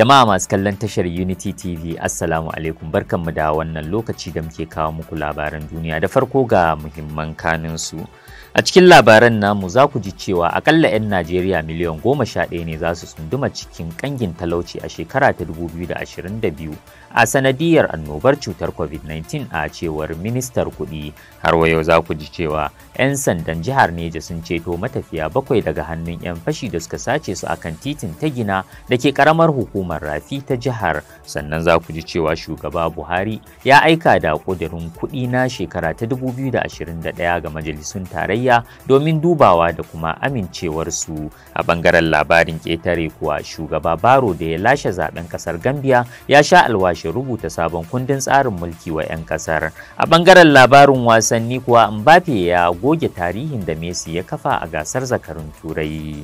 Jama'a masu kallon tashar Unity TV, Assalamu alaikum barkanmu da wannan lokaci da muke kawo muku labaran duniya da farko ga muhimman su A cikin labaran namu za ku ji cewa akalla 'yan Najeriya miliyan goma sha ɗaya ne za su tsunduma cikin ƙangin talauci a shekara ta 2022 a sanadiyar annobar cutar covid-19 a cewar ministar kudi har wayo za ku ji cewa 'yan sandan jihar neja sun ceto matafiya bakwai daga hannun 'yan fashi da suka sace su akan titin ta gina da ke karamar hukumar rafi ta jihar sannan za ku ji cewa shugaba buhari ya aika da kudirin kudi na shekara ta 2021 ga majalisun tarayya domin dubawa da kuma amincewarsu a bangaren labarin ketare kuwa shugaba baro da ya lashe zaben kasar gambia ya sha alwashi shi rubuta sabon kundin tsarin mulki wa 'yan kasar. A ɓangaren labarin wasanni kuwa Mbappe ya goge tarihin da Messi ya kafa a gasar zakarun Turai.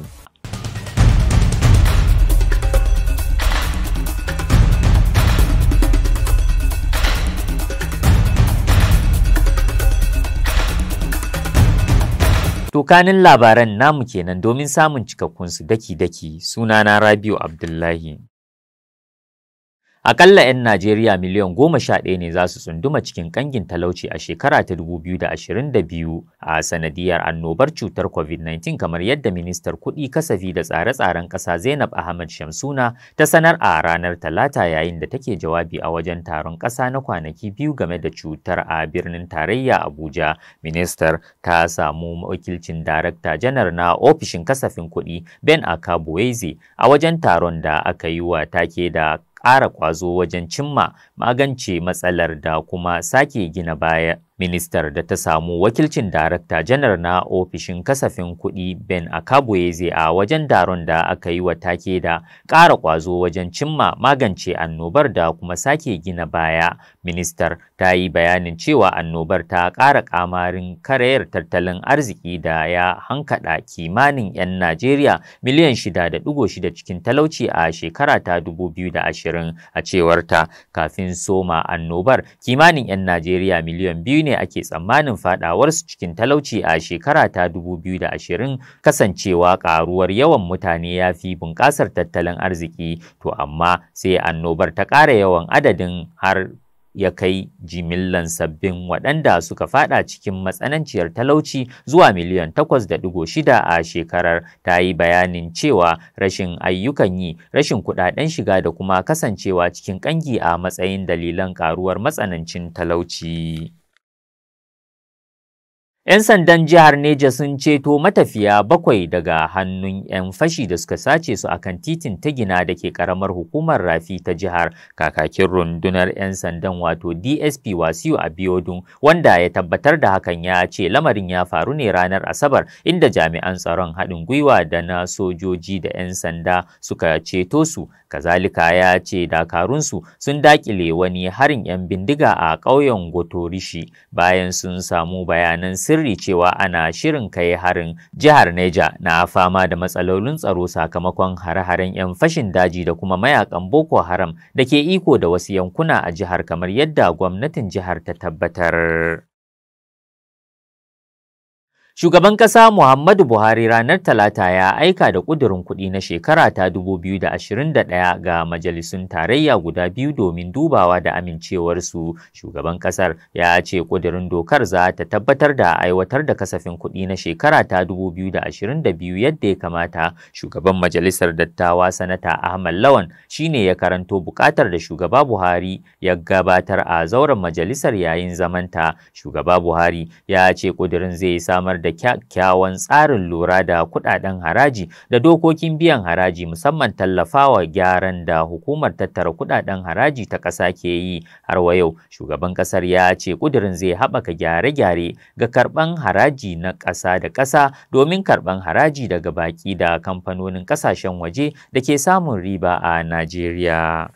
Tokanin labaran namu kenan domin samun cikakkun su daki-daki sunana Rabiu Abdullahi. Akalla 'yan Najeriya miliyan goma sha ɗaya ne za su tsunduma cikin ƙangin talauci a shekara ta 2022 a sanadiyar annobar cutar COVID-19 kamar yadda ministar kuɗi kasafi da tsare-tsaren ƙasa Zainab Ahmad Shamsuna ta sanar a ranar Talata yayin da take jawabi a wajen taron ƙasa na kwanaki biyu game da cutar a birnin tarayya Abuja. Ministar ta samu wakilcin Darakta Janar na ofishin kasafin kuɗi Ben Akabuweze a wajen taron da aka yi wa take da ƙara ƙwazo wajen cimma magance matsalar da kuma sake gina baya Ministar da ta samu wakilcin Darakta Janar na Ofishin Kasafin Kuɗi Ben Akabueze a wajen daron da aka yi wa take da ƙara ƙwazo wajen cimma magance annobar da kuma sake gina baya. Ministar ta yi bayanin cewa annobar ta ƙara ƙamarin karayar tattalin arziki da ya hankaɗa kimanin 'yan Najeriya miliyan 6.6 cikin talauci a shekara ta 2020 a cewarta kafin soma annobar kimanin 'yan Najeriya miliyan biyu ne ake tsammanin su cikin talauci a shekara ta 2020 kasancewa ƙaruwar yawan mutane ya fi bunƙasar tattalin arziki to amma sai annobar ta ƙara yawan adadin har ya kai jimillan sabbin waɗanda suka fada cikin matsananciyar talauci zuwa miliyan 8.6 a shekarar ta yi bayanin cewa rashin ayyukan yi rashin kuɗaɗen shiga da kuma kasancewa cikin ƙangi a matsayin dalilan ƙaruwar matsanancin talauci. 'Yan sandan jihar Neja sun ceto matafiya bakwai daga hannun 'yan fashi da suka sace su a kan titin ta gina da ke karamar hukumar rafi ta jihar kakakin rundunar 'yan sandan wato DSP Wasiu Abiodun wanda ya tabbatar da hakan ya ce lamarin ya faru ne ranar Asabar inda jami'an tsaron haɗin gwiwa da na sojoji da 'yan sanda suka ceto su kazalika ya ce dakarunsu sun dakile wani harin 'yan bindiga a ƙauyen Gotorishi bayan sun samu bayanan sirri sirri cewa ana shirin kai harin jihar Neja na fama da matsalolin tsaro sakamakon hare-haren 'yan fashin daji da kuma mayakan Boko Haram da ke iko da wasu yankuna a jihar kamar yadda gwamnatin jihar ta tabbatar. Shugaban ƙasa Muhammadu Buhari ranar Talata ya aika da ƙudurin kuɗi na shekara ta 2021 ga majalisun tarayya guda biyu domin dubawa da amincewarsu. Shugaban ƙasar ya ce ƙudurin dokar za ta tabbatar da aiwatar da kasafin kuɗi na shekara ta 2022 yadda ya kamata. Shugaban Majalisar Dattawa Sanata Ahmad Lawan shine ya karanto buƙatar da Shugaba Buhari ya gabatar a zauren majalisar yayin zamanta. Shugaba Buhari ya ce ƙudurin zai samar da da kyakkyawan tsarin lura da kudaden haraji da dokokin biyan haraji musamman tallafawa gyaran da hukumar tattara kudaden haraji ta ƙasa ke yi har wa yau shugaban ƙasar ya ce kudirin zai haɓaka gyare-gyare ga karɓan haraji na ƙasa da ƙasa domin karɓan haraji daga baƙi da kamfanonin ƙasashen waje da ke samun riba a Najeriya.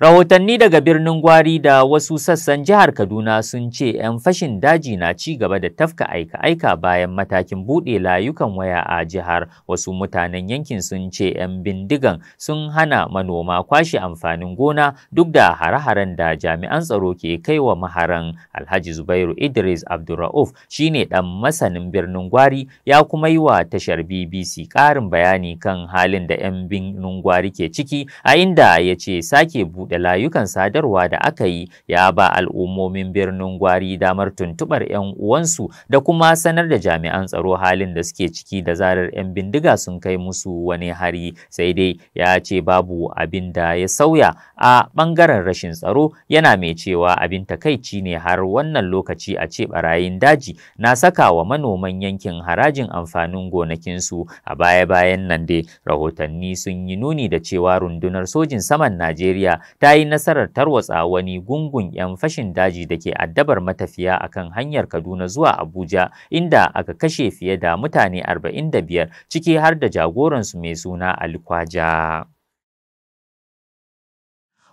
Rahotanni daga birnin Gwari da wasu sassan jihar Kaduna sun ce 'yan fashin daji na ci gaba da tafka aika-aika bayan matakin buɗe layukan waya a jihar. Wasu mutanen yankin sun ce 'yan bindigan sun hana manoma kwashe amfanin gona duk da hare-haren da jami'an tsaro ke kai wa maharan. Alhaji Zubairu Idris Abdulra'uf ne ɗan masanin birnin Gwari ya kuma yi wa tashar BBC ƙarin bayani kan halin da 'yan birnin Gwari ke ciki a inda ya sake buɗe Da layukan sadarwa da aka yi ya ba al'ummomin birnin gwari damar tuntuɓar 'yan uwansu da kuma sanar da jami'an tsaro halin da suke ciki da zarar 'yan bindiga sun kai musu wani hari sai dai ya ce babu abin da ya sauya a ɓangaren rashin tsaro yana mai cewa abin takaici ne har wannan lokaci a ce barayin daji na saka wa manoman yankin harajin amfanin gonakinsu a baya-bayan nan dai rahotanni sun yi nuni da cewa rundunar sojin saman Najeriya ta yi nasarar tarwatsa wani gungun 'yan fashin daji da ke addabar matafiya a kan hanyar Kaduna zuwa Abuja inda aka kashe fiye da mutane 45 ciki har da jagoransu mai suna Alkwaja.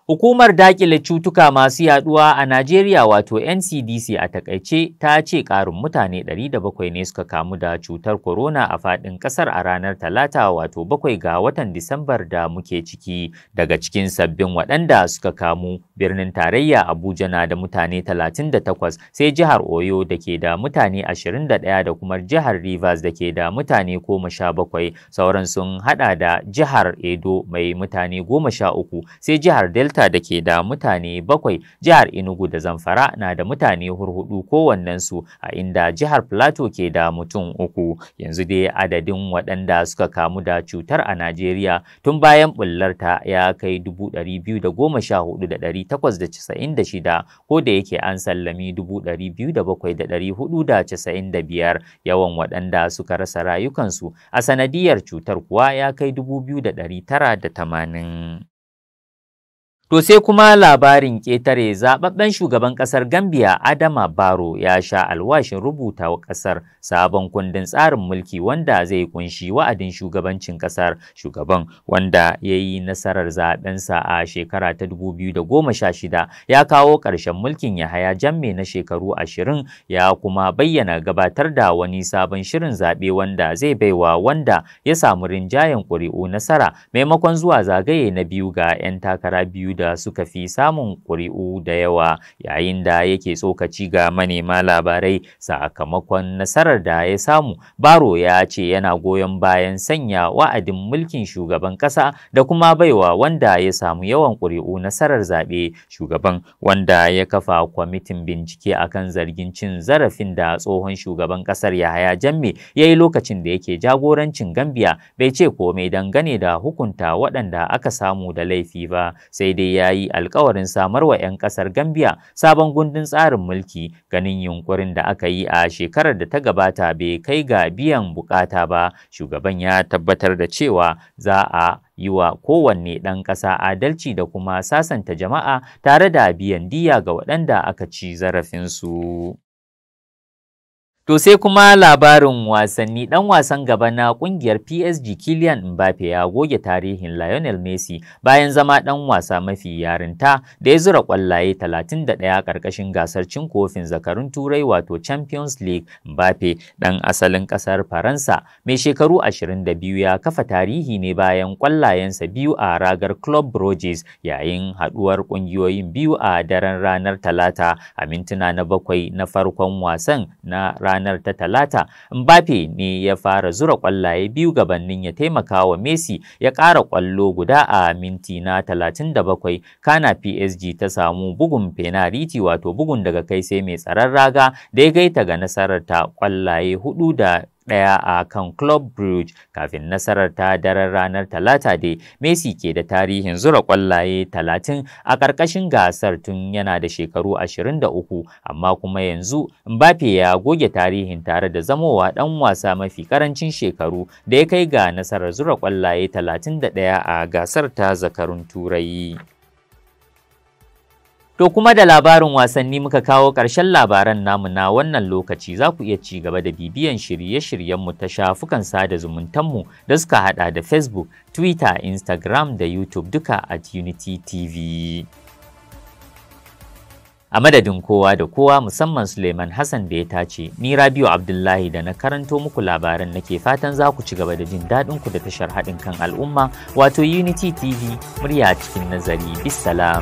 Hukumar dakile cutuka masu yaduwa a Najeriya wato NCDC a takaice ta ce karin mutane 700 ne suka kamu da cutar corona a fadin kasar a ranar Talata wato 7 ga watan Disambar da muke ciki daga cikin sabbin waɗanda suka kamu birnin tarayya Abuja na da mutane 38 sai jihar Oyo da ke da mutane 21 da kuma jihar Rivers da ke da mutane 17 sauran sun hada da jihar Edo mai mutane 13 sai jihar Delta sarauta da ke da mutane bakwai jihar Enugu da Zamfara na da mutane hurhudu kowannensu a inda jihar Plateau ke da mutum uku. Yanzu dai adadin waɗanda suka kamu da cutar a Najeriya tun bayan bullarta ya kai dubu da da shida ko da yake an sallami biyar yawan waɗanda suka rasa rayukansu a sanadiyar cutar kuwa ya kai dubu biyu da da ɗari tara tamanin. To sai kuma labarin ƙetare zaɓaɓɓen shugaban ƙasar Gambia Adama Baro ya sha alwashin rubuta wa ƙasar sabon kundin tsarin mulki wanda zai kunshi wa'adin shugabancin ƙasar shugaban wanda ya yi nasarar zaɓensa a shekara ta 2016 ya kawo ƙarshen mulkin Yahaya Jamme na shekaru 20 ya kuma bayyana gabatar da wani sabon shirin zaɓe wanda zai baiwa wanda ya samu rinjayen ƙuri'u nasara maimakon zuwa zagaye na biyu ga 'yan takara biyu da suka fi samun ƙuri'u da yawa yayin da yake tsokaci ga manema labarai sakamakon nasarar da ya samu baro ya ce yana goyon bayan sanya wa'adin mulkin shugaban ƙasa da kuma baiwa wanda ya samu yawan ƙuri'u nasarar zaɓe shugaban wanda ya kafa kwamitin bincike akan zargin cin zarafin da tsohon shugaban ƙasar yahaya jamme ya yi lokacin da yake jagorancin gambiya, bai ce komai dangane da hukunta waɗanda aka samu da laifi ba sai dai ya yi alkawarin samar wa 'yan kasar Gambia sabon gundun tsarin mulki ganin yunkurin da aka yi a shekarar da ta gabata bai kai ga biyan bukata ba shugaban ya tabbatar da cewa za a yi wa kowanne ɗan ƙasa adalci da kuma sasanta jama'a tare da biyan diya ga waɗanda aka ci zarafinsu. To sai kuma labarin wasanni ɗan wasan gaba na ƙungiyar PSG Kylian Mbappe ya goge tarihin Lionel Messi bayan zama ɗan wasa mafi yarinta da ya zura ƙwallaye 31 ƙarƙashin gasar cin kofin zakarun Turai wato Champions League Mbappe ɗan asalin ƙasar Faransa mai shekaru 22 ya kafa tarihi ne bayan ƙwallayensa biyu a ragar Club Bruges yayin haɗuwar ƙungiyoyin biyu a daren ranar Talata a mintuna na bakwai na farkon wasan na ranar ranar ta talata Mbappe ne ya fara zura kwallaye biyu gabanin ya taimaka wa Messi ya ƙara kwallo guda a minti na 37 kana PSG ta samu bugun penariti wato bugun daga kai sai mai tsaron raga da ya gaita ga nasarar ta kwallaye hudu da ɗaya a kan Club Brugge kafin nasarar ta daren ranar Talata dai Messi ke da tarihin zura kwallaye talatin a ƙarƙashin gasar tun yana da shekaru 23 amma kuma yanzu Mbappe ya goge tarihin tare da zamowa ɗan wasa mafi ƙarancin shekaru da ya kai ga nasarar zura ƙwallaye 31 a gasar ta zakarun Turai. To kuma da labarin wasanni muka kawo ƙarshen labaran namu na wannan lokaci za ku iya ci gaba da bibiyan shirye-shiryenmu ta shafukan sada zumuntanmu da suka hada da Facebook, Twitter, Instagram da YouTube duka at Unity TV. A madadin kowa da kowa musamman Suleiman Hassan da ya tace, ni Rabiu Abdullahi da na karanto muku labaran nake fatan za ku ci gaba da jin daɗin ku da tashar haɗin kan al'umma wato Unity TV murya cikin nazari bisalam.